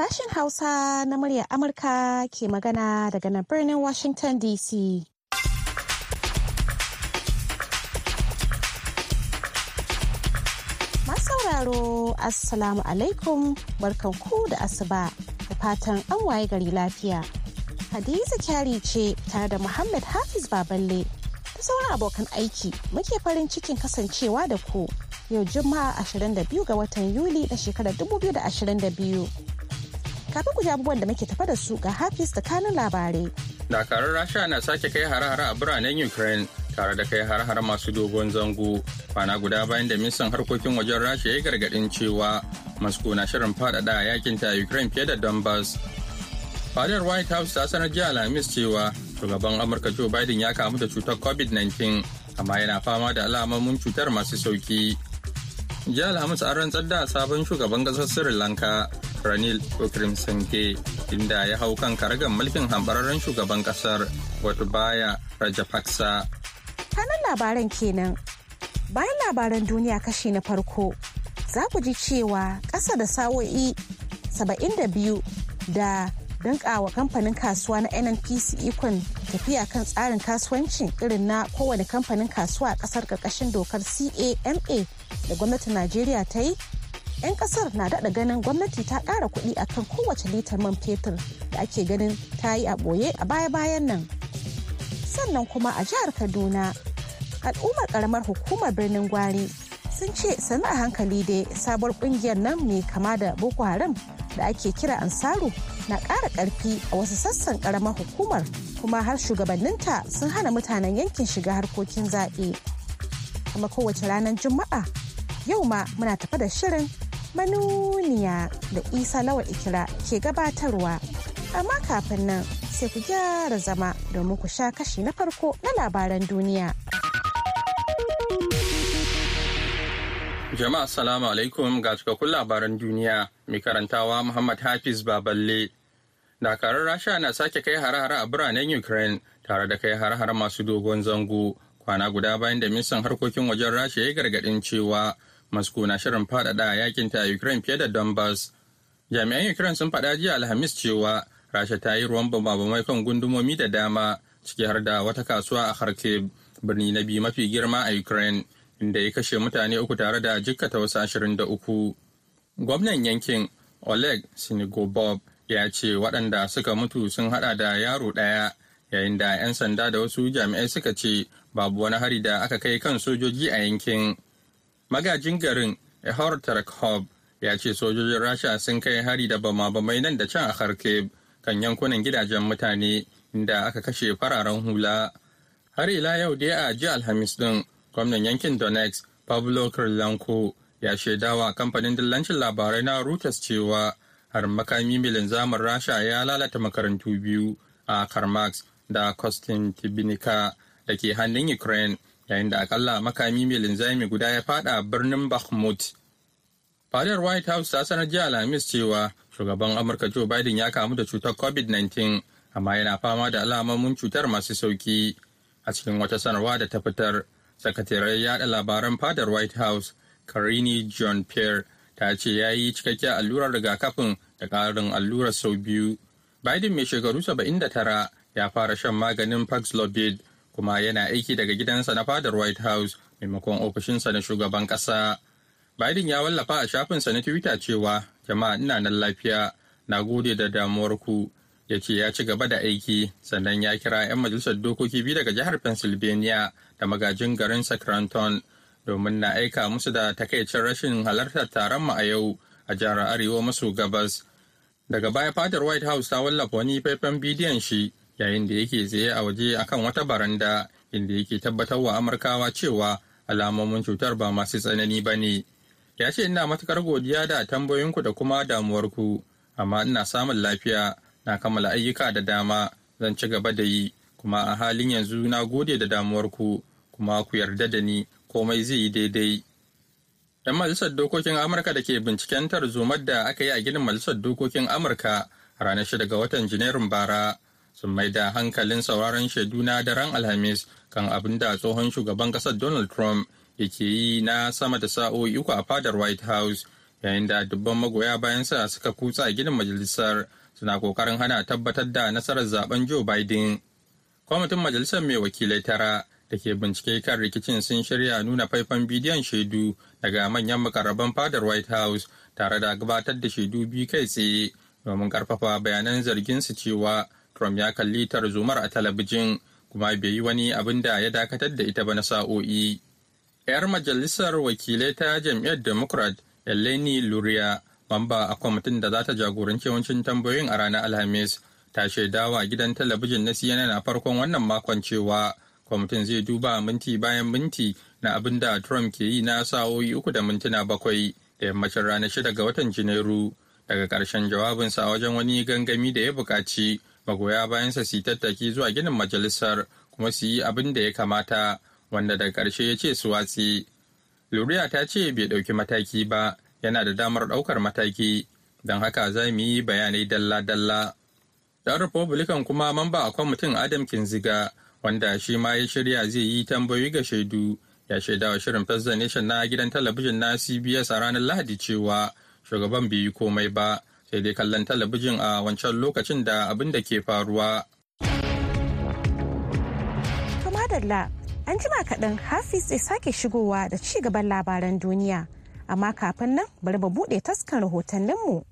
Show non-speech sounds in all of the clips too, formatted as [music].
Sashen Hausa na murya Amurka ke magana daga nan birnin Washington DC. sauraro Assalamu alaikum barkanku da asuba da fatan an waye gari lafiya. Hadiza kyari ce tare da Muhammad Hafiz Baballe da sauran abokan aiki muke farin cikin kasancewa da ku yau Juma'a 22 ga watan Yuli da shekarar 2022. Kafin ku ji abubuwan da muke tafa da su ga Hafiz da kanin labarai. Dakarun Rasha na sake kai hare-hare a biranen Ukraine tare da kai hare-hare masu dogon zango kwana guda bayan da ministan harkokin wajen Rasha ya yi gargaɗin cewa Moscow na shirin faɗaɗa a yakin ta Ukraine fiye da Donbass. Fadar White House ta sanar jiya Alhamis cewa shugaban Amurka Joe Biden ya kamu da cutar COVID-19 amma yana fama da alamomin cutar masu sauki. Jiya Alhamis an rantsar da sabon shugaban ƙasar Sri Lanka Ranil Wickremesinghe inda ya hau kan karagar mulkin hambararren shugaban kasar wato baya Rajapaksa. Kanan labaran kenan. Bayan labaran duniya kashi na farko, za ku ji cewa ƙasa da sa'o'i 72 da dankawa kamfanin kasuwa na nnpc ikon tafiya kan tsarin kasuwancin irin na kowane kamfanin kasuwa a kasar ƙarƙashin dokar cama da gwamnatin najeriya ta yi 'yan kasar na daɗa ganin gwamnati ta ƙara kuɗi a kan kowace litar man fetur da ake ganin ta yi a ɓoye a baya-bayan nan sannan kuma a jihar kaduna al'ummar ƙaramar hukumar birnin gwari sun ce sanu a hankali da sabuwar ƙungiyar nan mai kama da boko haram da ake kira ansaru na ƙara ƙarfi a wasu sassan ƙaramar hukumar kuma har shugabanninta sun hana mutanen yankin shiga harkokin zaɓe kuma kowace ranar juma'a yau ma muna tafa da shirin manuniya da isa lawal ikira ke gabatarwa amma kafin nan sai ku gyara zama domin ku sha kashi na farko na labaran duniya jama'a salamu alaikum ga cikakkun labaran duniya mai karantawa muhammad hafiz baballe dakarar rasha na sake kai hare-hare a biranen ukraine tare da kai hare-hare masu dogon zango kwana guda bayan da ministan harkokin wajen rasha ya gargadin cewa Moscow na shirin faɗaɗa yakin ta a Ukraine fiye da Donbass. Jami'an Ukraine sun faɗa jiya Alhamis cewa Rasha ta yi ruwan bambamai kan gundumomi da dama ciki har da wata kasuwa a Kharkiv, birni na biyu mafi girma a Ukraine, inda ya kashe mutane uku tare da jikkata wasu ashirin da uku. Gwamnan yankin Oleg Sinigobob ya ce waɗanda suka mutu sun haɗa da yaro ɗaya yayin da 'yan sanda da wasu jami'ai suka ce babu wani hari da aka kai kan sojoji a yankin. magajin garin ehor ya ce sojojin rasha sun kai hari da bama-bamai nan da can a kharkiv kan yankunan gidajen mutane inda aka kashe fararen hula har ila yau dai a ji alhamis din gwamnan yankin donetsk pablo kirlanko ya shaidawa kamfanin dillancin labarai na reuters cewa har makami milin zamar rasha ya lalata makarantu biyu a karmax da kostin tibinika da ke hannun ukraine yayin da akalla makami mai linzami guda ya fada birnin bakhmut fadar white house ta sanar jiya alhamis cewa shugaban amurka joe biden ya kamu da cutar covid-19 amma yana fama da alamomin cutar masu sauki a cikin wata sanarwa da ta fitar sakataren yada labaran fadar white house karini john pierre ta ce ya yi cikakke allurar rigakafin da ƙarin allurar sau biyu biden mai shekaru 79 ya fara shan maganin paxlovid kuma yana aiki daga gidansa na fadar White House maimakon ofishinsa na shugaban kasa Biden ya wallafa a shafinsa na Twitter cewa jama'a ina nan lafiya na gode da damuwar ku ya ce ya ci gaba da aiki sannan ya kira 'yan majalisar dokoki biyu daga jihar Pennsylvania da magajin garin Sacramento domin na aika musu da takaicin rashin halartar taron mu a yau a jihar Arewa maso gabas. Daga baya fadar White House ta wallafa wani faifan bidiyon shi yayin da yake tsaye a waje akan wata baranda inda yake tabbatar wa amurkawa cewa alamomin cutar ba masu tsanani ba ne ya ce ina matukar godiya da tambayoyinku da kuma damuwarku amma ina samun lafiya na kammala ayyuka da dama zan ci gaba da yi kuma a halin yanzu na gode da damuwarku kuma ku yarda da ni komai zai yi daidai yan majalisar dokokin amurka da ke binciken tarzomar da aka yi a ginin majalisar dokokin amurka ranar shida ga watan janairun bara sun mai da hankalin sauraron shaidu na daren alhamis kan abin da tsohon shugaban kasar donald trump yake yi na sama da sa'o'i uku a fadar white house yayin da dubban magoya bayansa suka kutsa a gidan majalisar suna kokarin hana tabbatar da nasarar zaben joe biden kwamitin majalisar mai wakilai tara da ke bincike kan rikicin sun shirya nuna faifan bidiyon shaidu daga manyan makarraban fadar white house tare da gabatar da shaidu biyu kai tsaye domin karfafa bayanan zargin su cewa Trump ya kalli tar zumar a talabijin kuma bai yi wani abin da ya dakatar da ita ba na sa'o'i. 'Yar majalisar wakilai ta jam'iyyar Democrat Eleni Luria, mamba a kwamitin da za ta jagoranci yawancin tambayoyin a ranar Alhamis, ta shaidawa gidan talabijin na CNN a farkon wannan makon cewa kwamitin zai duba minti bayan minti na abin da Trump ke yi na sa'o'i uku da mintuna bakwai da yammacin ranar shida ga watan Janairu. Daga ƙarshen jawabinsa a wajen wani gangami da ya buƙaci magoya bayansa su yi tattaki zuwa ginin majalisar kuma su yi abin da ya kamata wanda daga ƙarshe ya ce su watsi. Luriya ta ce bai ɗauki mataki ba yana da damar ɗaukar mataki don haka za mu yi bayanai dalla-dalla. Ɗan Republican kuma mamba a kwamitin Adam Kinziga wanda shi ma ya shirya zai yi tambayoyi ga shaidu ya shaidawa shirin First Nation na gidan talabijin na CBS a ranar Lahadi cewa shugaban bai yi komai ba sai dai kallon talabijin a wancan lokacin da abin da ke faruwa. Kamadalla, an jima kaɗan Hafiz zai sake shigowa da ci gaban labaran duniya, amma kafin nan bari ba buɗe taskan rahotanninmu.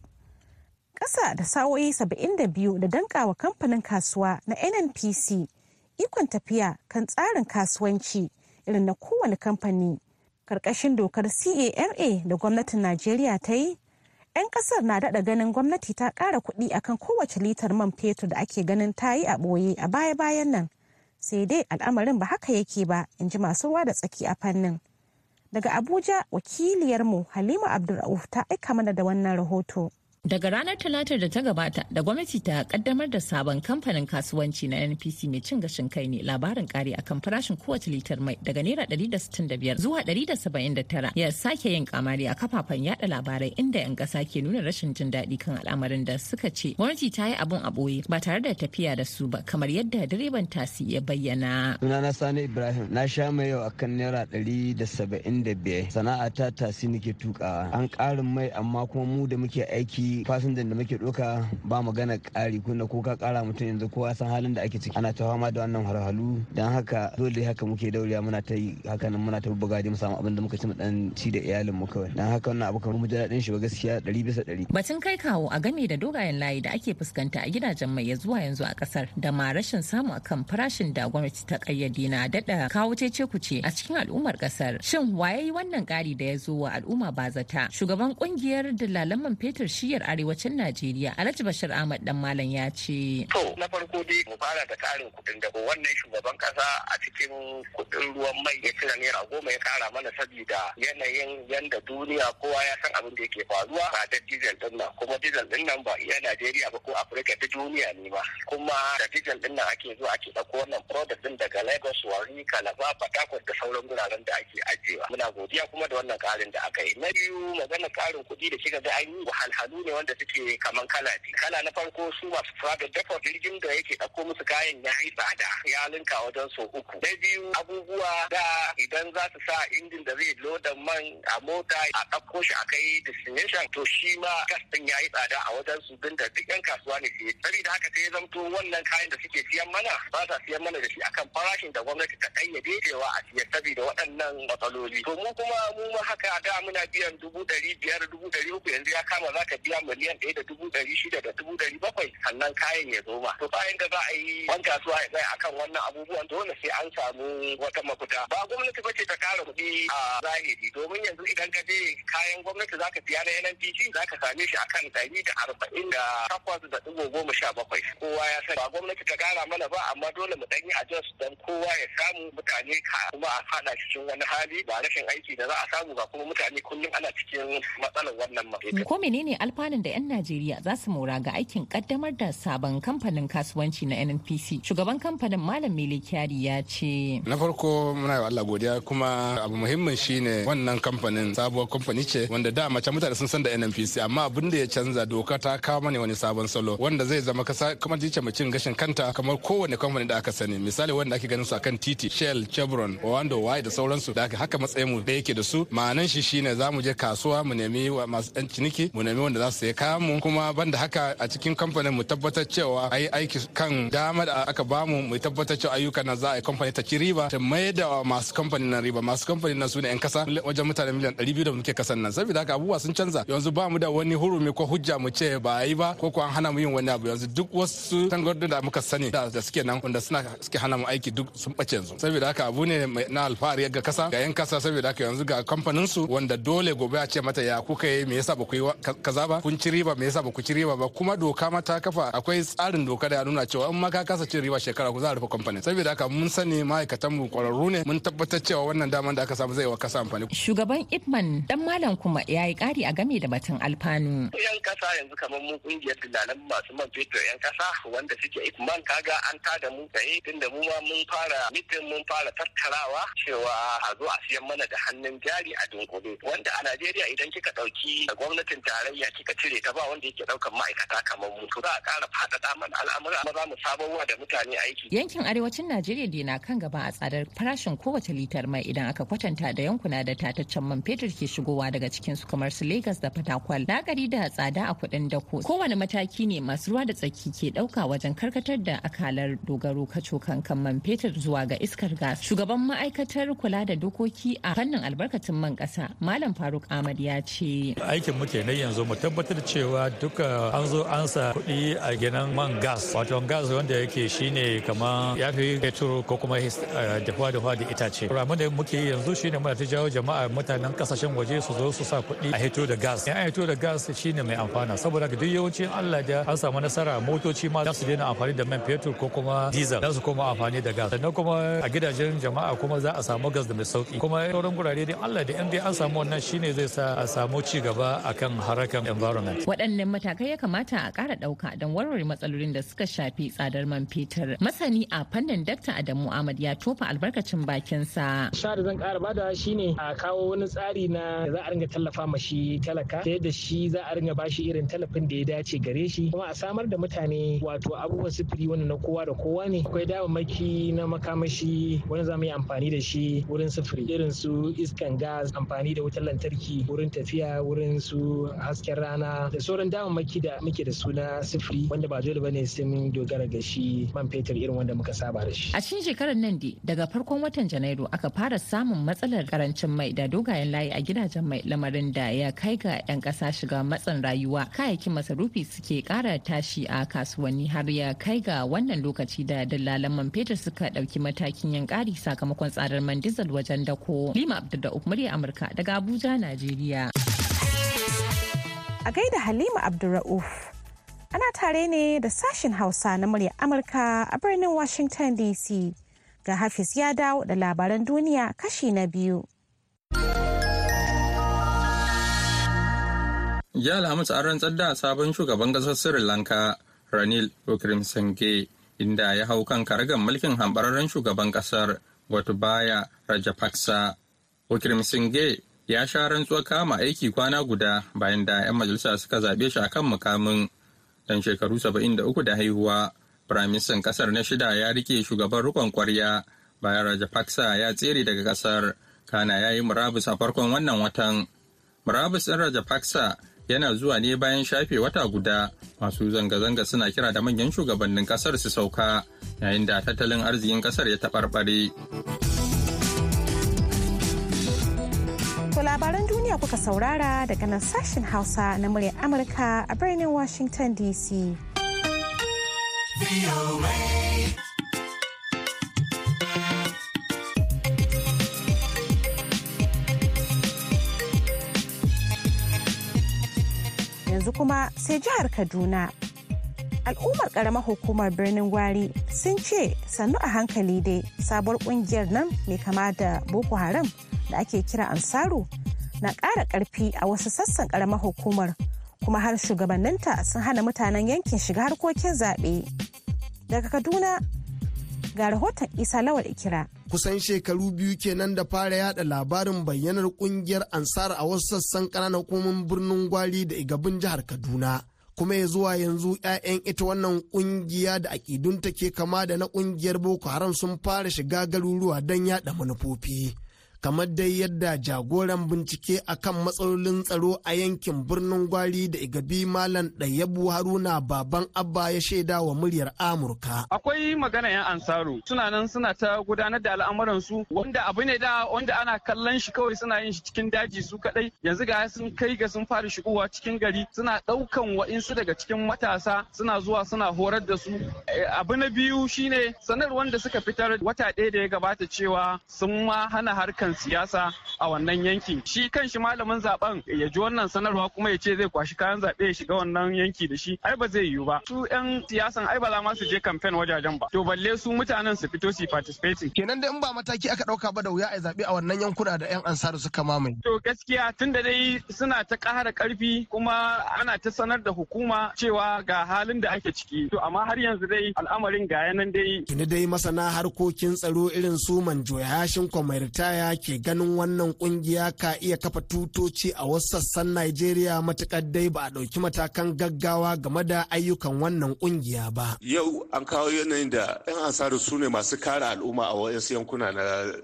Ƙasa da sa'o'i 72 da dankawa kamfanin kasuwa na NNPC ikon tafiya kan tsarin kasuwanci irin na kowane kamfani. Karkashin dokar CARA da gwamnatin Najeriya ta yi 'yan kasar na daɗa ganin gwamnati ta ƙara kuɗi akan kowace litar man fetur da ake ganin ta yi a ɓoye a baya-bayan nan sai dai al'amarin ba haka yake ba in ji masu ruwa da tsaki a fannin daga abuja wakiliyarmu halima abdulrauf ta aika mana da wannan rahoto Daga ranar Talatar da ta gabata da gwamnati ta kaddamar da sabon kamfanin kasuwanci na NPC mai cin gashin kai ne labarin kari akan farashin kowace litar mai daga naira 165 zuwa 179 ya sake yin kamari a kafafen yada labarai inda 'yan kasa ke nuna rashin jin daɗi kan al'amarin da suka ce gwamnati ta yi abun a ɓoye ba tare da tafiya da su ba kamar yadda direban tasi ya bayyana. Suna na Sani Ibrahim na sha mai yau akan naira 175 sana'ata tasi nake tukawa an ƙarin mai amma kuma mu da muke aiki fasinjan da muke doka ba magana ƙari kunna ko ka ƙara mutum yanzu kowa san halin da ake ciki ana ta fama da wannan harhalu dan haka dole haka muke dauriya muna ta yi haka nan muna ta buga mu samu abin da muka ci mu dan ci da iyalin mu kawai dan haka wannan abu kamar mu ji daɗin shi ba gaskiya ɗari bisa ɗari. Batun kai kawo a game da dogayen layi da ake fuskanta a gidajen mai zuwa yanzu a kasar da ma rashin samu akan farashin da gwamnati ta kayyade na daɗa kawo cece ce. a cikin al'ummar kasar Shin waye yi wannan ƙari da ya zo wa al'umma ba zata? Shugaban kungiyar dalalan man fetur shiya shiyar arewacin Najeriya Alhaji Bashir Ahmad dan Malam ya ce. To na farko dai mu fara da karin kudin da wannan shugaban kasa a cikin kudin ruwan mai ya cire naira goma ya kara mana saboda yanayin yanda duniya kowa ya san abin da yake faruwa a da diesel din nan kuma diesel din nan ba iya Najeriya ba ko Afirka ta duniya ne ba kuma da diesel din nan ake zuwa ake ɗauko wannan product din daga Lagos Warri Calabar Port da sauran guraren da ake ajiyewa muna godiya kuma da wannan karin da aka yi na biyu magana karin kudi da shiga da an yi wahalhalu ne wanda suke kaman kala biyu kala na farko su masu private depot jirgin da yake ɗauko musu kayan ya yi tsada ya linka wajen so uku na biyu abubuwa da idan za su sa injin da zai loda man a mota a ɗauko shi a kai destination to shi ma gas ɗin ya yi tsada a wajen su din da duk yan kasuwa ne ke saboda haka sai ya zamto wannan kayan da suke siyan mana ba sa siyan mana da shi akan farashin da gwamnati ta kayyade cewa a siya saboda waɗannan matsaloli to mu kuma mu ma haka da muna biyan dubu ɗari biyar dubu ɗari uku yanzu ya kama za ka biya biya miliyan ɗaya da dubu ɗari shida da dubu ɗari bakwai sannan kayan ya zo ma to bayan da za a yi wani kasuwa ya tsaya akan wannan abubuwan dole sai an samu wata mafita ba gwamnati ba ce ta kara kuɗi a zahiri domin yanzu idan ka je kayan gwamnati za ka siya na NNPC za ka same shi akan ɗari da arba'in da takwas da dubu goma sha bakwai kowa ya sani ba gwamnati ta kara mana ba amma dole mu ɗan yi adjust don kowa ya samu mutane ka kuma a faɗa cikin wani hali ba rashin aiki da za a samu ba kuma mutane kullum ana cikin matsalar wannan mafita. Ko menene alfa amfanin da 'yan Najeriya za su mora ga aikin kaddamar da sabon kamfanin kasuwanci na NNPC. Shugaban kamfanin Malam Mele Kyari ya ce. Na farko muna yi Allah godiya kuma abu muhimmin shine wannan kamfanin sabuwar kamfani ce wanda da mace mutane sun san da NNPC amma abin da ya canza doka ta kama ne wani sabon salo wanda zai zama kasa kamar jice cin gashin kanta kamar kowane kamfani da aka sani misali wanda ake ganin su akan titi Shell, Chevron, Owando, Y da sauransu da haka matsayin mu da yake da su ma'anan shi shine za mu je kasuwa mu nemi masu 'yan ciniki mu nemi wanda za su saye kayan mu kuma banda haka a cikin kamfanin mu tabbatar cewa ayi aiki kan dama da aka bamu mu tabbatar cewa ayyukan nan za a yi kamfanin ta ci riba ta mai da masu kamfanin nan riba masu kamfanin nan su ne 'yan kasa wajen mutane miliyan 200 da muke kasan nan saboda haka abubuwa sun canza yanzu ba mu da wani hurumi ko hujja mu ce ba yi ba ko ko an hana mu yin wani abu yanzu duk wasu tangardu da muka sani da suke nan wanda suna suke hana mu aiki duk sun bace yanzu saboda haka abu ne na alfahari ga kasa ga 'yan kasa saboda haka yanzu ga kamfanin su wanda dole gobe a ce mata ya kuka yi me yasa ba ku yi kaza ba kun ci riba me yasa ba ku ci riba ba kuma doka ma ta kafa akwai tsarin doka da ya nuna cewa in ma ka kasa cin riba shekara ku za a rufe kamfanin saboda haka mun sani ma'aikatan mu kwararru ne mun tabbatar cewa wannan daman da aka samu zai wa kasa amfani. Shugaban ipman dan malam kuma ya yi kari a game da batun alfanu. Yan kasa yanzu kamar mun kungiyar dilalan masu man fetur yan kasa wanda suke ipman kaga an ta da mu tsaye da mu ma mun fara mitin mun fara tattarawa cewa a zo a siyan mana da hannun jari a dunkule wanda a Najeriya idan kika dauki gwamnatin tarayya kika cire ta ba wanda yake daukan ma'aikata kamar mu to za a kara faɗaɗa mana al'amura ba za mu wa da mutane aiki. Yankin arewacin Najeriya da na kan gaba a tsadar farashin kowace litar mai idan aka kwatanta da yankuna da tataccen man fetur ke shigowa daga cikin su kamar su Lagos da Fatakwal. gari da tsada a kuɗin dako. Kowane mataki ne masu ruwa da tsaki ke ɗauka wajen karkatar da akalar dogaro kaco kan man fetur zuwa ga iskar gas. Shugaban ma'aikatar kula da dokoki a fannin albarkatun man ƙasa Malam Faruk Ahmad ya ce. Aikin muke na yanzu mu tabbatar cewa duka an zo an sa kuɗi a gidan man gas wato gas wanda yake shine kamar ya fi petrol ko kuma dafa dafa da itace ramin da muke yanzu shine muna ta jawo jama'a mutanen kasashen waje su zo su sa kuɗi a hito da gas in an hito da gas shine mai amfana saboda duk yawancin Allah da an samu nasara motoci ma za su daina amfani da man fetur ko kuma diesel za su koma amfani da gas sannan kuma a gidajen jama'a kuma za a samu gas da mai sauki kuma sauran gurare dai Allah da in dai an samu wannan shine zai sa a samu ci gaba akan harakan environment. Waɗannan matakai ya kamata a ƙara ɗauka don warware matsalolin da suka shafi tsadar man fetur. Masani a fannin Dakta Adamu Ahmad ya tofa albarkacin bakinsa. da zan ƙara bada shine a kawo wani tsari na da za a ringa tallafa ma shi talaka ta yadda shi za a ringa bashi irin tallafin da ya dace gare shi kuma a samar da mutane wato abubuwan sufuri wanda na kowa da kowa ne akwai damammaki na makamashi wanda za mu yi amfani da shi wurin sufuri irin su iskan gas amfani da wutar lantarki wurin tafiya wurin su hasken rana rana da sauran damammaki da muke da suna sifiri wanda ba dole bane sai mun dogara ga shi man fetur irin wanda muka saba da shi. A cikin shekarar nan dai daga farkon watan Janairu aka fara samun matsalar karancin mai da dogayen layi a gidajen mai lamarin da ya kai ga 'yan ƙasa shiga matsin rayuwa kayayyakin masarufi suke kara tashi a kasuwanni har ya kai ga wannan lokaci da dillalan man fetur suka ɗauki matakin yan kari sakamakon tsadar man dizal wajen dako. Lima Abdulrahman murya Amurka daga Abuja, Najeriya. a gaida Halima Abdulra'uf. Ana tare ne da sashen Hausa na murya Amurka a birnin Washington DC. Ga Hafiz ya dawo da labaran duniya kashi na biyu. ya Alhamis an rantsar da sabon shugaban ƙasar Sri Lanka Ranil Wickremesinghe inda ya hau kan karagar mulkin hambararren shugaban ƙasar Gotabaya Rajapaksa. Wickremesinghe ya sha rantsuwar kama aiki kwana guda bayan da 'yan majalisa suka zaɓe shi akan mukamin dan shekaru 73 da haihuwa firaministan kasar na shida ya rike shugaban rikon kwarya bayan Faksa ya tsere daga kasar kana ya yi murabus a farkon wannan watan murabus ɗin Faksa yana zuwa ne bayan shafe wata guda masu zanga-zanga suna kira da manyan shugabannin kasar su sauka yayin da tattalin arzikin kasar ya taɓarɓare. To labaran duniya kuka saurara daga nan sashen Hausa na muryar Amurka a birnin Washington DC. Yanzu kuma sai jihar Kaduna. al'ummar karamar hukumar birnin gwari sun ce sannu a hankali dai sabuwar kungiyar nan mai kama da boko haram da ake kira ansaru na ƙara ƙarfi a wasu sassan ƙaramar hukumar kuma har shugabanninta sun hana mutanen yankin shiga harkokin zaɓe. Daga Kaduna ga rahoton Isa Lawal Ikira. kusan shekaru biyu kenan da fara yada labarin bayyanar kungiyar ansar a wasu sassan ƙananan hukumomin birnin gwari da igabin jihar kaduna kuma ya zuwa yanzu 'ya'yan ita wannan kungiya da akidunta ke kama da na kungiyar boko haram sun fara shiga garuruwa don yada manufofi kamar dai yadda jagoran bincike a kan matsalolin tsaro a yankin birnin gwari da igabi malam ɗayabu haruna baban abba ya shaida wa muryar amurka akwai magana yan ansaro suna nan suna ta gudanar da al'amuran su wanda abu ne da wanda ana kallon shi kawai suna yin shi cikin daji su kadai yanzu ga sun kai ga sun fara shigowa cikin gari suna ɗaukan wa'insu daga cikin matasa suna zuwa suna horar da su eh, abu na biyu shine sanarwar da suka fitar wata ɗaya da ya gabata cewa sun ma hana harkar harkan siyasa a wannan yanki. shi kan shi malamin zaben ya ji wannan sanarwa kuma ya ce zai kwashi kayan zaɓe ya shiga wannan yanki da shi ai ba zai yiwu ba su yan siyasan ai ba za ma su je kamfen wajajen ba to balle su mutanen su fito su participating kenan da in ba mataki aka dauka ba da wuya a zaɓe a wannan yankuna da yan ansar suka mamaye to gaskiya tun da dai suna ta ƙara ƙarfi kuma ana ta sanar da hukuma cewa ga halin da ake ciki to amma har yanzu dai al'amarin ga yanan dai kini dai masana harkokin tsaro irin su manjo yashin kwamaritaya ke ganin wannan kungiya ka iya kafa tutoci a wasu sassan Najeriya matukar dai ba a ɗauki matakan gaggawa game da ayyukan wannan kungiya ba. Yau an kawo yanayin da 'yan ansaru su ne masu kare al'umma a wasu yankuna na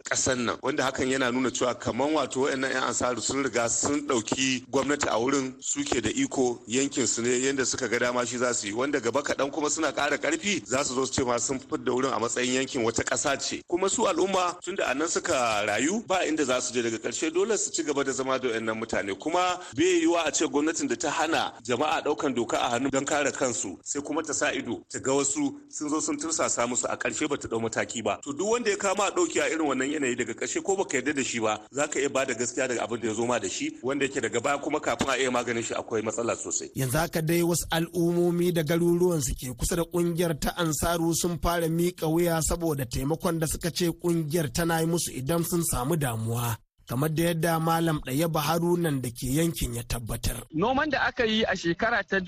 ƙasar nan wanda hakan yana nuna cewa kamar wato wa'annan 'yan ansaru sun riga sun ɗauki gwamnati a wurin suke da iko yankin su ne yadda suka ga dama shi za su yi wanda gaba kaɗan kuma suna ƙara ƙarfi za su zo su ce ma sun fitar da wurin a matsayin yankin wata ƙasa ce kuma su al'umma tun da nan suka rayu ba inda za su je daga karshe dole su ci gaba da zama da wayannan mutane kuma bai yiwuwa a ce gwamnatin da ta hana jama'a daukan doka a hannu don kare kansu sai kuma ta sa ido ta ga wasu sun zo sun tursasa musu a karshe ba ta dau mataki ba to duk wanda ya kama a dauki a irin wannan yanayi daga karshe ko baka yarda da shi ba zaka iya bada gaskiya daga abin da ya zo ma da shi wanda yake daga baya kuma kafin a iya maganin shi akwai matsala sosai yanzu haka dai wasu al'ummomi da garuruwan su ke kusa da kungiyar ta ansaru sun fara mika wuya saboda taimakon da suka ce kungiyar tana yi musu idan sun samu da damuwa kamar da yadda malam baharu harunan da ke yankin ya tabbatar. Noman da aka yi a shekara ta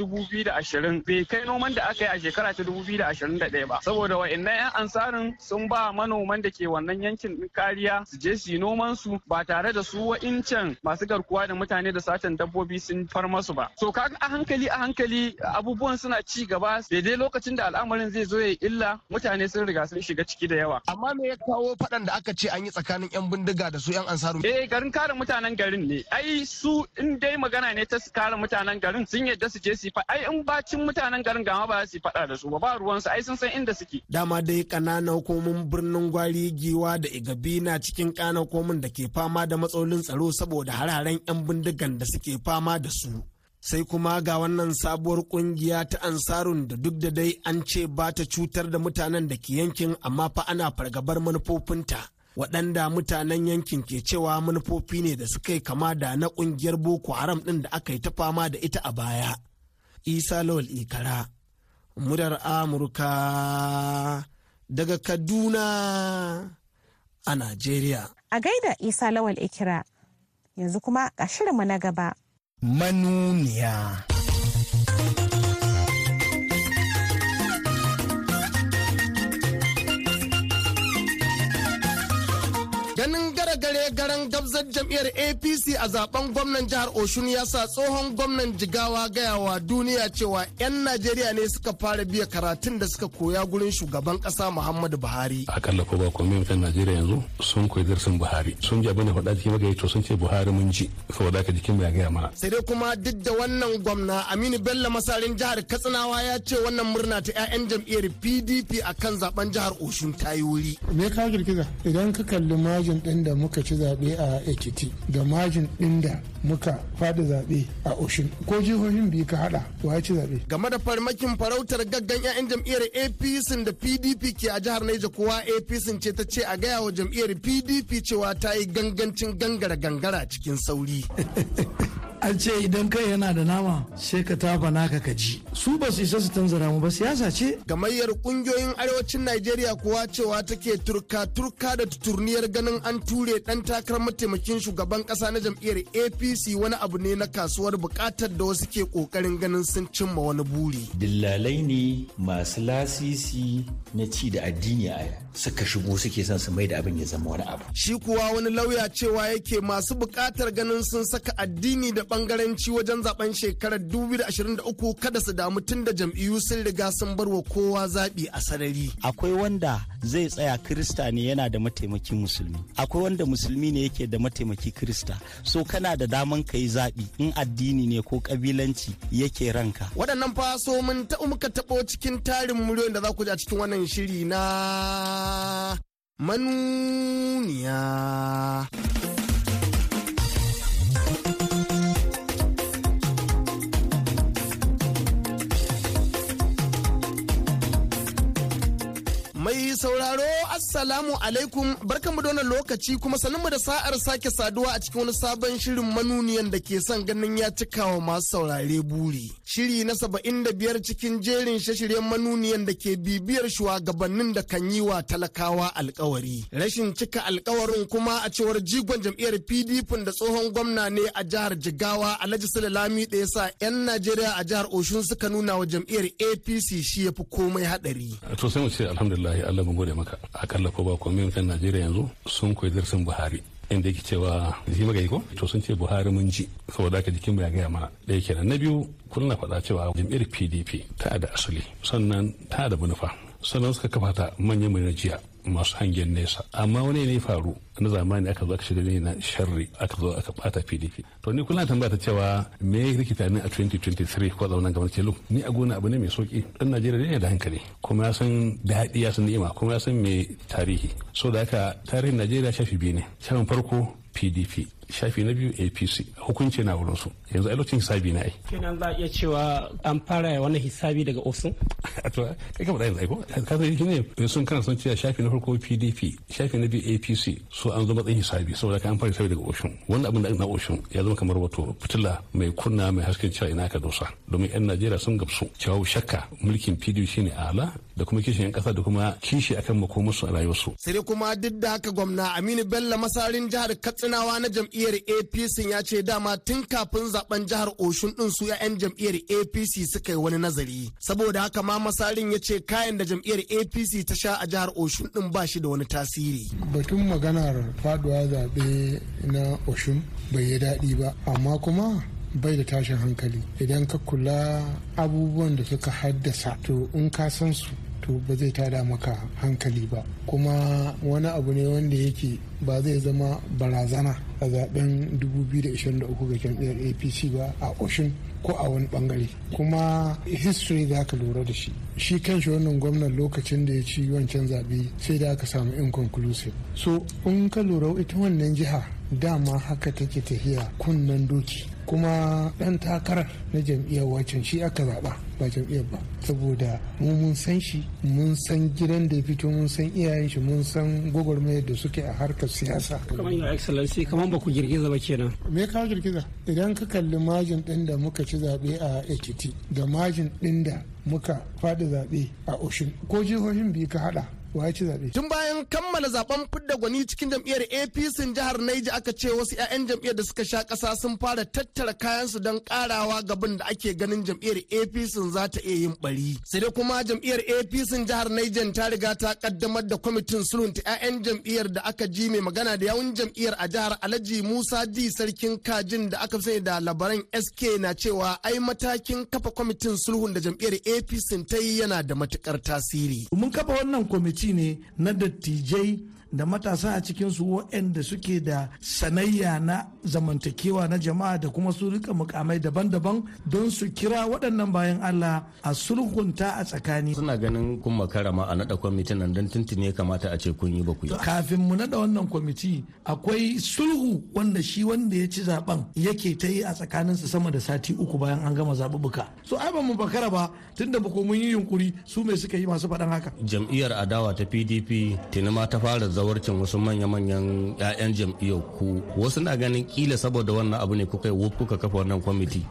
ashirin bai kai noman da aka yi a shekara ta ɗaya ba saboda wa'annan 'yan ansarin sun ba manoman da ke wannan yankin kariya su je su yi noman su ba tare da su wa'incan masu garkuwa da mutane da satan dabbobi sun far masu ba. So ka a hankali a hankali abubuwan suna ci gaba daidai lokacin da al'amarin zai zo ya illa mutane sun riga sun shiga ciki da yawa. Amma me ya kawo faɗan da aka ce an yi tsakanin 'yan bindiga da su 'yan ansarin eh garin kare mutanen garin ne ai su in dai magana ne ta kare mutanen garin sun yadda su je su fa ai in bacin mutanen garin gama ba su faɗa da su ba ba ruwan su ai sun san inda suke dama dai kananan hukumomin birnin gwari giwa da igabi na cikin kana hukumomin da ke fama da matsalolin tsaro saboda hararen yan bindigan da suke fama da su sai kuma ga wannan sabuwar kungiya ta ansarun da duk da dai an ce ba ta cutar da mutanen da ke yankin amma fa ana fargabar manufofinta waɗanda mutanen yankin ke cewa manufofi ne da suka yi kama da na ƙungiyar boko haram ɗin da aka yi ta fama da ita a baya isa lawal ikara murar amurka daga kaduna a najeriya a gaida isa lawal ikira yanzu kuma a shirinmu na gaba manuniya gare garan gabzar jam'iyyar apc a zaben gwamnan jihar oshun ya sa tsohon gwamnan jigawa gayawa duniya cewa 'yan najeriya ne suka fara biya karatun da suka koya gurin shugaban kasa muhammadu buhari akalla ko ba komai mutan najeriya yanzu sun koyi darsin buhari sun ji abin da faɗa cikin magana to sun ce buhari mun ji saboda ka jikin ya gaya mana sai dai kuma duk da wannan gwamna aminu bello masarin jihar katsinawa ya ce wannan murna ta 'ya'yan jam'iyyar pdp akan zaben jihar oshun ta yi wuri me ka girgiza idan ka kalli majin ɗin da muka ci zaɓe a ekiti da majin ɗin da muka fada zaɓe a oshin ko jihohin biyu ka haɗa wa ya ci zaɓe. game da farmakin farautar gaggan 'ya'yan jam'iyyar apc da pdp ke a jihar naija kowa apc ce ta ce a gaya wa jam'iyyar pdp cewa ta yi gangancin gangara gangara cikin sauri. [laughs] an ce idan kai yana da nama sai ka tafa naka ka ji su ba su isa su tanzara mu ba siyasa ce gamayyar kungiyoyin arewacin najeriya kuwa cewa take turka turka da tuturniyar ganin an ture cire dan takarar mataimakin shugaban kasa na jam'iyyar apc wani abu ne na kasuwar bukatar da wasu ke kokarin ganin sun cimma wani buri dillalai ne masu lasisi na ci da addini a suka shigo suke son su mai da abin ya zama wani abu shi kuwa wani lauya cewa yake masu bukatar ganin sun saka addini da bangaranci wajen zaben shekarar 2023 kada su damu tun da jam'iyyu sun riga sun bar wa kowa zaɓi a sarari akwai wanda zai tsaya kirista ne yana da mataimaki musulmi akwai wanda musulmi ne yake da mataimaki kirista so kana da daman ka yi zaɓi in addini ne ko kabilanci yake ranka waɗannan fa so mun taɓa muka taɓo cikin tarin muryoyin da za ku ji a cikin wannan shiri na manuniya Mai sauraro Assalamu alaikum barkanmu da wannan lokaci kuma mu da sa'ar sake saduwa a cikin wani sabon shirin manuniyan da ke son ganin ya cika wa masu saurare buri. Shiri na saba'in da biyar cikin jerin shashiryen manuniyan da ke bibiyar shugabannin da kan yi wa talakawa alkawari. Rashin cika alkawarin kuma a cewar jigon jam'iyyar PDP da tsohon gwamna ne a jihar Jigawa Alhaji Sulalami da ya sa 'yan Najeriya a jihar Oshun suka nuna wa jam'iyyar APC shi ya fi komai haɗari. To mu ce alhamdulillah Allah mu gode maka akalla ko ba komai kan Najeriya yanzu sun koyi darsin Buhari inda yake cewa shi yi ko to sun ce buhari mun ji saboda haka jikin ya gaya mana ɗaya kenan na biyu kullum na faɗa cewa jam'iyyar pdp ta da asali sannan ta da manufa sannan suka kafa ta manyan mai jiya masu hangen nesa amma wani ne faru na zamani aka zo aka shiga ne na sharri aka zo aka bata pdp to ni kullum tambaya ta cewa me ya rikita ne a 2023 ko zaunan gaban ce look ni a gona abu ne mai sauki dan najeriya ne da hankali kuma ya san daɗi ya san ni'ima kuma ya san mai tarihi so da haka tarihin najeriya shafi biyu ne shafin farko pdp shafi na biyu apc hukunci na wurin su yanzu ai lokacin hisabi na ai kenan za a iya cewa an fara wani hisabi daga osun a [laughs] to kai ka yanzu ai ko ka san ne sun kana sun cewa shafi na farko pdp shafi na biyu apc so an zama matsayin hisabi saboda ka an fara hisabi daga osun wannan abin da na osun ya zama kamar wato fitila mai kunna mai hasken cewa ina ka dosa domin yan najeriya sun gamsu cewa shakka mulkin pdp shine ala da kuma kishin yan kasa da kuma kishi akan makomarsu a rayuwarsu sai kuma duk da haka gwamna aminu bello masarin jihar katsinawa na jam'i jam'iyyar apc ya ce dama tun kafin zaben jihar oshun din su 'ya'yan jam'iyyar apc suka yi wani nazari saboda haka ma masarin ya ce kayan da jam'iyyar apc ta sha a jihar oshun din ba shi da wani tasiri batun maganar faduwa zaɓe na oshun bai yi daɗi ba amma kuma bai da tashin hankali idan ka kula abubuwan da suka haddasa to in ka san su to ba zai tada maka hankali ba kuma wani abu ne wanda yake ba zai zama barazana a zaben 2023 ga jam'iyyar apc ba a ocean ko a wani bangare kuma history za ka lura da shi shi kanshi wannan gwamnan lokacin da ya ci wancan zaɓe sai da aka samu inconclusive so in ka lura ita wannan jiha dama haka take tafiya kunnen doki kuma ɗan takarar na jam'iyyar wacan shi aka zaɓa ba jam'iyyar ba saboda mu mun san shi mun san gidan da ya fito mun san iyayen shi mun san gwagwarmayar da suke a harkar siyasa kamar your excellency kamar ba ku girgiza ba kenan me ka girgiza idan ka kalli majin din da muka ci zaɓe a ekiti da majin din da muka faɗi zaɓe a oshin ko jihohin biyu ka haɗa wa ci zaɓe. Tun bayan kammala zaben fidda gwani cikin jam'iyyar APC jihar niger aka ce wasu 'ya'yan jam'iyyar da suka sha ƙasa sun fara tattara kayansu don ƙarawa gabin da ake ganin jam'iyyar APC za ta iya yin bari. Sai dai kuma jam'iyyar APC jihar niger ta riga ta kaddamar da kwamitin ta 'ya'yan jam'iyyar da aka ji mai magana da yawun jam'iyyar a jihar Alhaji Musa D sarkin kajin da aka sani da labaran SK na cewa ai matakin kafa kwamitin sulhun da jam'iyyar APC ta yi yana da matukar tasiri. Mun kafa wannan kwamiti lokaci ne na dattijai da matasa a cikin su waɗanda suke da sanayya na zamantakewa na jama'a da kuma su rika mukamai daban-daban don su kira waɗannan bayan Allah a sulhunta a tsakani. Suna ganin kun makara ma a naɗa kwamiti nan don tuntune kamata a ce kun yi ba ku Kafin mu naɗa wannan kwamiti akwai sulhu wanda shi wanda ya ci zaben yake ta yi a tsakaninsu sama da sati uku bayan an gama zaɓuɓɓuka. So ai ba mu bakara ba tunda ba ko mun yi yunkuri su me suka yi masu faɗan haka. Jam'iyyar adawa ta PDP tuni ma ta fara zawarcin wasu manya-manyan 'ya'yan jam'iyyar ku wasu na ganin kila saboda wannan abu ne kuka yi kuka kafa wannan kwamiti [laughs]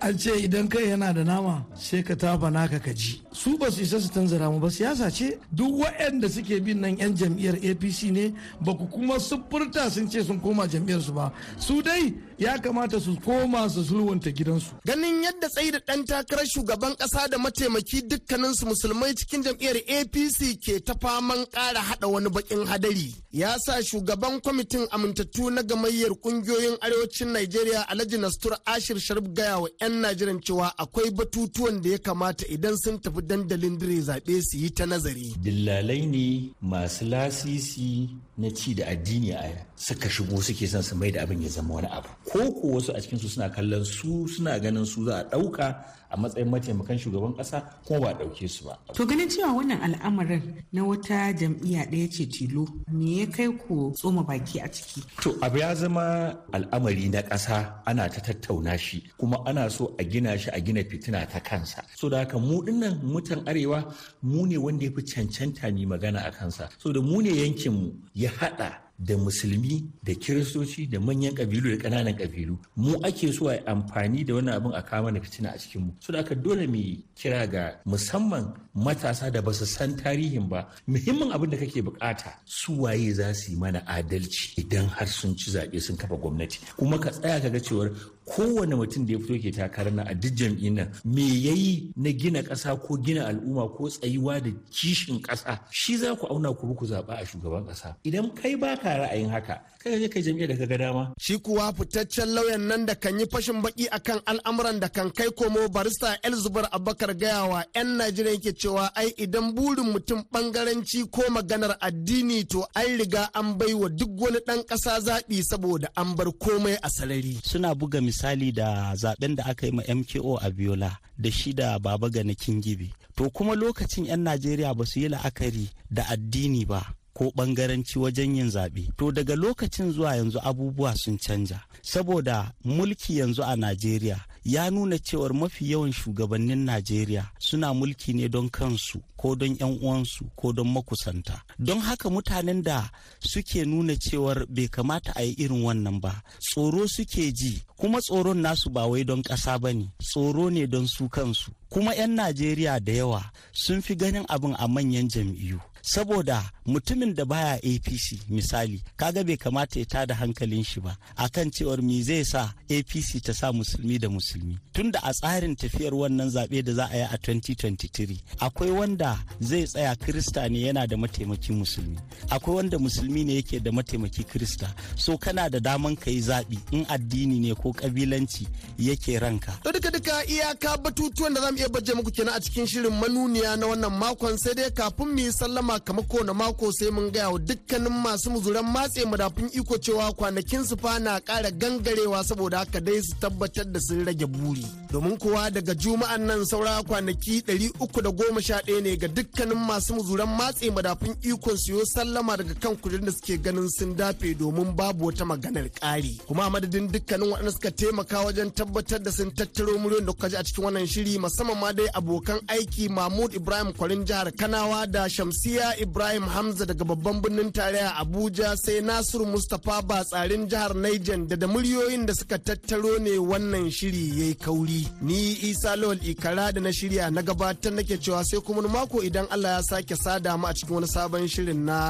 an ce idan kai yana da nama sai ka tafa naka ka ji su ba su isa su tanzara mu ba siyasa ce duk waɗanda suke bin nan yan jam'iyyar apc ne ba ku kuma sufurta sun ce sun koma jam'iyyar su ba su dai ya kamata su koma su sulwanta gidansu ganin yadda tsayi da ɗan takarar shugaban ƙasa da mataimaki dukkaninsu musulmai cikin jam'iyyar apc ke ta faman ƙara haɗa wani baƙin hadari ya sa shugaban kwamitin amintattu na gamayyar ƙungiyoyin arewacin najeriya alhaji nastur ashir sharif gaya wa 'yan najeriya cewa akwai batutuwan da ya kamata idan sun tafi dandalin dire zaɓe su yi ta nazari dillalai ne masu lasisi na ci da addini a suka shigo suke son su mai da abin ya zama wani abu ko ko wasu a cikinsu suna kallon su suna ganin su za a ɗauka a matsayin mataimakan shugaban ƙasa ko ba ɗauke su ba. To ganin cewa wannan al'amarin na wata jam'iyya ɗaya ce tilo me ya kai ku tsoma baki a ciki? To abu ya zama al'amari na ƙasa ana ta tattauna shi kuma ana so a gina shi a gina fitina ta kansa. So da haka mu dinnan mutan arewa mu ne wanda ya fi cancanta ni magana a kansa. So da mu ne yankin mu ya haɗa da musulmi da kiristoci da manyan ƙabilu da ƙananan kabilu mu ake so a amfani da wannan abin a kama na fitina a cikin mu so da dole mu kira ga musamman matasa da basu san tarihin ba muhimmin abin da kake bukata su waye za su yi mana adalci idan har sun ci zaɓe sun kafa gwamnati kuma ka tsaya ka ga cewar kowane mutum da ya fito ke takarar nan a duk jam'in nan me yayi na gina ƙasa ko gina al'umma ko tsayuwa da kishin ƙasa shi za ku auna ku ku zaɓa a shugaban ƙasa idan kai ba ka ra'ayin haka kai je kai jam'iyyar da ka ga dama. shi kuwa fitaccen lauyan nan da kan yi fashin baki akan al'amuran da kan kai komo barista elzubar abakar gayawa 'yan najeriya ke cewa ai idan burin mutum bangaranci ko maganar addini to an riga an baiwa duk wani ɗan ƙasa zaɓi saboda an bar komai a sarari. suna buga misali misali da zaben da aka yi ma mko a biola da shi da baba ganakin gibi to kuma lokacin 'yan najeriya ba su yi la'akari da addini ba ko bangaranci wajen yin zaɓe to daga lokacin zuwa yanzu abubuwa sun canja saboda mulki yanzu a najeriya ya nuna cewar mafi yawan shugabannin najeriya suna mulki ne don kansu ko don 'yan uwansu ko don makusanta don haka mutanen da suke nuna cewar bai kamata a yi irin wannan ba tsoro suke ji kuma tsoron nasu ba wai don ƙasa ba ne tsoro ne don su kansu kuma 'yan najeriya da yawa sun fi ganin abin a manyan jam'iyyu saboda mutumin da baya apc misali kaga bai kamata ya tada hankalin shi ba akan cewar me zai sa apc ta sa musulmi da musulmi tunda a tsarin tafiyar wannan zaɓe da za a yi a 2023 akwai wanda zai tsaya krista ne yana da mataimakin musulmi akwai wanda musulmi ne yake da mataimaki krista so kana da daman ka yi zaɓi in addini ne ko kabilanci yake ranka to duka duka iyaka batutuwan da zamu iya baje muku kenan a cikin shirin manuniya na wannan makon sai dai kafin mu yi sallama musamman kamar kowane mako sai mun gaya wa dukkanin masu muzuran matse madafin iko cewa kwanakin su fa na ƙara gangarewa saboda haka dai su tabbatar da sun rage buri. Domin kuwa daga juma'an nan saura kwanaki 311 ne ga dukkanin masu muzuran matse madafin iko su yo sallama daga kan kudin da suke ganin sun dafe domin babu wata maganar ƙari. Kuma madadin dukkanin waɗanda suka taimaka wajen tabbatar da sun tattaro miliyon da kuka ji a cikin wannan shiri musamman ma dai abokan aiki Mahmud Ibrahim Kwarin jihar Kanawa da Shamsiya Shamsiya Ibrahim Hamza daga babban birnin tarayya Abuja sai Nasiru Mustapha tsarin jihar Niger da da muryoyin da suka tattaro ne wannan shiri ya yi kauri. Ni Isa Lawal Ikara da na shirya na gabatar nake cewa sai kuma mako idan Allah ya sake sada mu a cikin wani sabon shirin na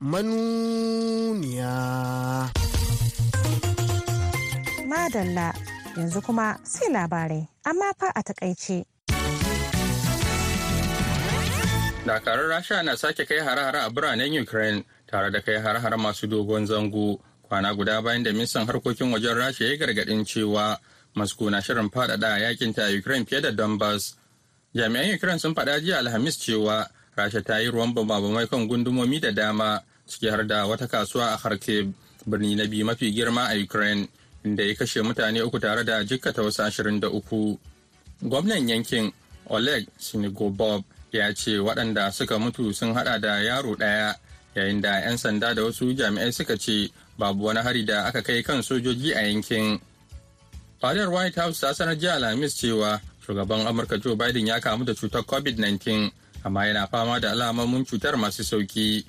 manuniya. Madalla yanzu kuma sai labarai amma fa a takaice. dakarun rasha na sake kai hare-hare a biranen ukraine tare da kai hare-hare masu dogon zango kwana guda bayan da ministan harkokin wajen rasha ya gargadin cewa moscow na shirin faɗaɗa yakin ta ukraine fiye da donbass jami'an ukraine sun faɗa jiya alhamis cewa rasha ta yi ruwan bambamai kan gundumomi da dama ciki har da wata kasuwa a kharkiv birni na biyu mafi girma a ukraine inda ya kashe mutane uku tare da jikkata wasu ashirin da uku gwamnan yankin oleg sinigobov ya ce waɗanda suka mutu sun hada da yaro ɗaya yayin da 'yan sanda da wasu jami'ai suka ce babu wani hari da aka kai kan sojoji a yankin. Fadar White House ta sanar jiya Alhamis cewa shugaban Amurka Joe Biden ya kamu da cutar COVID-19 amma yana fama da alamomin cutar masu sauki.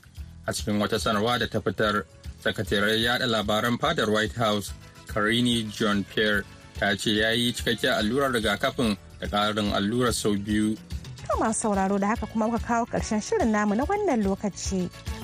A cikin wata sanarwa da ta fitar, sakatare yaɗa labaran fadar White House, Karini John Pierre, ta ce ya yi cikakke allurar rigakafin da ƙarin allurar sau biyu masu sauraro da haka kuma muka kawo ƙarshen shirin namu na wannan lokaci.